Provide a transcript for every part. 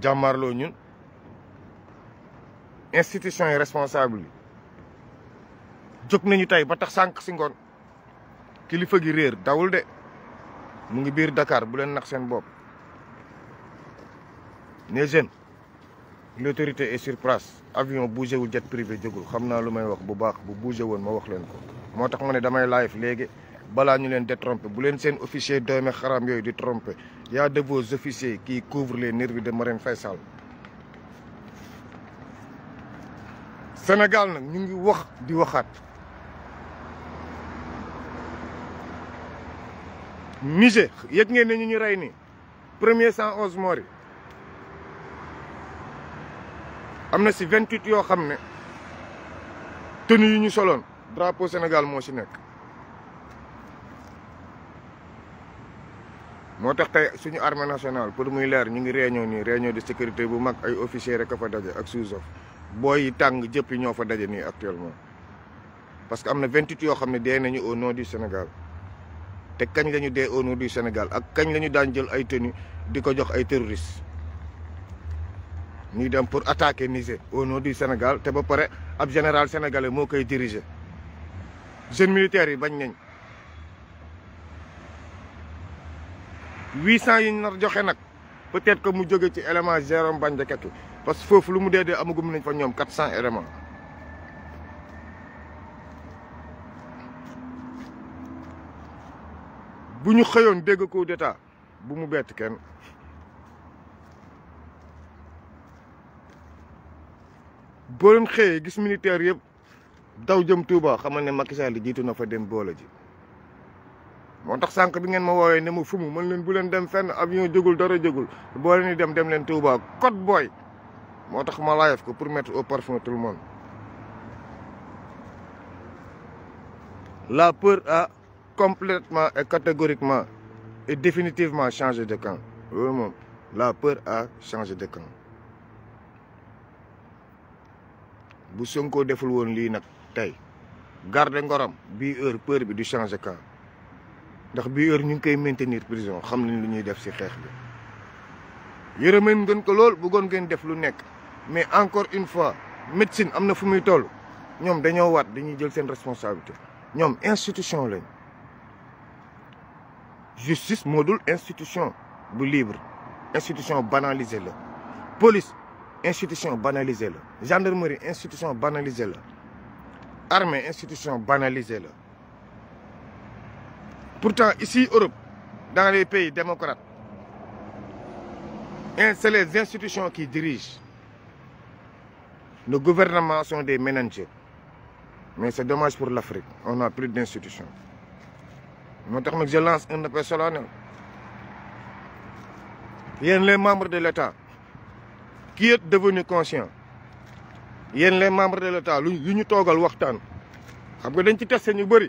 jàmmaarloo ñun institution yi responsable yi jóg nañu tey ba tax sànq si ngoon kilifa gi réer dawul de mu ngi biir dakaar bu leen nax seen bopp les jeunes l'autorité e sur place avion bougé wul jet privé jógul xam naa lu may wax bu baax bu bougé woon ma wax leen ko moo tax ma ne damay live léegi Bala ñu leen détromper bu leen seen officier doomi xaram yooyu di tromper y a de vos officiers qui couvrent les nervis de Marine Faisal..! Sénégal nag ñu ngi wax di waxat. Niger yëg ngeen ne ñu ñu rey nii premier 111 mort..! Amna ci 28 yo xamné tenu yi ñu soloon drapeau Sénégal mo ci nekk moo tax tey suñu armée nationale pour muy leer ñu ngi réunion nii réunion de sécurité bu mag ay officiers rek a fa daje ak sous booy yi tàng jëpp ñoo fa daje nii actuellement. parce que am na 28 yoo xam ne dee nañu au nom du Sénégal te kañ lañu dee au nom du Sénégal ak kañ lañu daan jël ay tenues di ko jox ay terroristes ñuy dem pour attaquer Niger au nom du Sénégal te ba pare ab général sénégalais moo koy diriger jeune militaires yi bañ nañ. huit cent yi ñu nar joxe nag peut-être que mu jóge ci élément Jérôme Bandiaky parce que foofu lu mu deede dee amagum fa ñoom quatre cent éléments. bu ñu xëyoon dégg coup d'état bu mu bett kenn. boo leen xëyee gis militaire yëpp daw jëm Touba xaman ne Macky Sall jiitu na fa dem boole ji. moo tax sànq bi ngeen ma woowee ne ma fu mu mën leen bu leen dem fen avion jógul dara jógul boo leen di dem dem leen Touba Code Boy moo tax ma live ko pour mettre au parfum tout le La peur a complètement e catégoriquement et définitivement changé de camp la peur a changé de camp bu Sonko deful woon lii nag tey garde ngorom bii heure peur bi du changé camp. ndax bi heure ñu ngi maintenir prison xam nañ lu ñuy def si xeex bi yërëmeen ngeen ko lool bëggoon ngeen def lu nekk mais encore une fois médecine am na fu muy toll ñoom dañoo waat dañuy jël Ils responsabilité des institution La justice pas une institution bu libre institution banalisée la police institution banalisée la gendarmerie institution banalisée la armée institution banalisée Pourtant, ici, Europe, dans les pays démocrates, hein, c'est les institutions qui dirigent. Nos gouvernements sont des managers. Mais c'est dommage pour l'Afrique. On n'a plus d'institutions. Je lance un appel Il y a les membres de l'État qui sont devenus conscients. Il y a les membres de l'État qui nous sont devenus conscients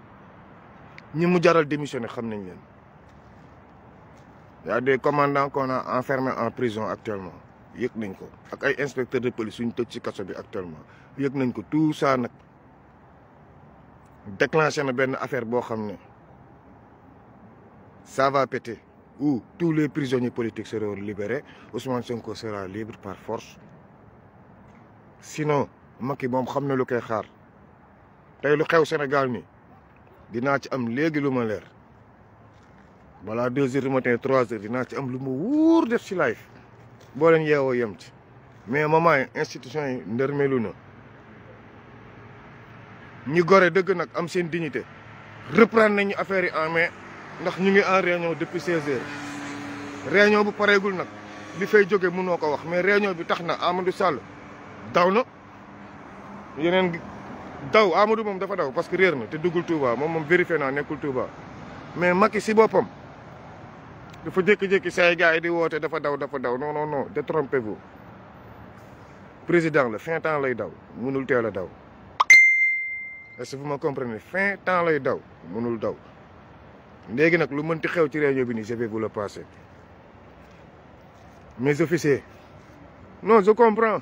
Ni mu jaral démissionné xam y a des commandants qu'on a enfermés en prison actuellement yëg nañ ko ak ay inspecteurs de police suñ tëj ci kaso bi actuellement yëg nañ ko tout ça nag déclenché na benn affaire boo xam ça va péter où tous les prisonniers politiques seront libérés Ousmane Sonko sera libre par force sinon ce moom ne na lu ce xaar tey lu au Sénégal Ni. dinaa ci am léegi lu ma leer balaa deux heures du trois heures dinaa ci am lu ma wóor def ci live boo leen yeewoo yem ci mais maman yi institution yi ndërmelu na ñi gore dëgg nag am seen dignité reprendre nañu affaire yi en main ndax ñu ngi en réunion depuis seize heures réunion bu pareegul nag li fay jóge mënoo ko wax mais réunion bi tax na Amadou Sall daw na yeneen daw Amadou mom dafa daw parce que réer ne te dougul Touba mom mom vérifier na nekkul Touba mais Macky si bopam dafa jékki-jékki say gars di wote dafa daw dafa daw non non non détrompez-vous président le fin temps lay daw mënul teel a daw est-ce que vous me comprenez fin temps lay daw mënul daw légui nak lu mënti xew ci réunion bi ni je vais vous le passer mes officiers non je comprends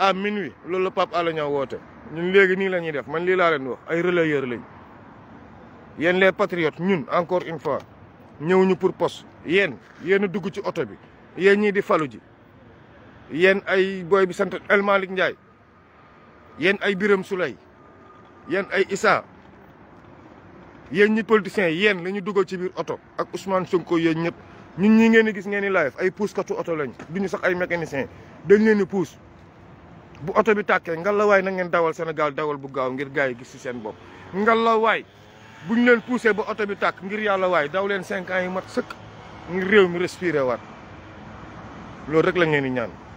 à minuit loolu la Pape Alé Niang woote ñun léegi nii la ñuy def man lii laa leen wax ay relayeur lañ yéen les patriotes ñun encore une fois ñu pour poste yéen yéen a dugg ci oto bi yéen ñii di falu ji yéen ay booy bi sant El Malick Ndiaye yéen ay Birame Souley yéen ay Issa yéen ñi politiciens yéen la ñu dugal ci biir oto ak Ousmane Sonko yéen ñëpp ñun ñi ngeen di gis ngeen di live ay katu oto lañ ñu sax ay mécaniciens dañ leen ni puus bu oto bi tàkkee ngallaawaay na ngeen dawal senegal dawal bu gaaw ngir gars yi gis ci seen bopp. ngallaawaay bu ñu leen poussé ba oto bi tàkk ngir yàlla waay daw leen cinq ans yi mat sëkk ngir réew mi respiré waat loolu rek la ngeen di ñaan.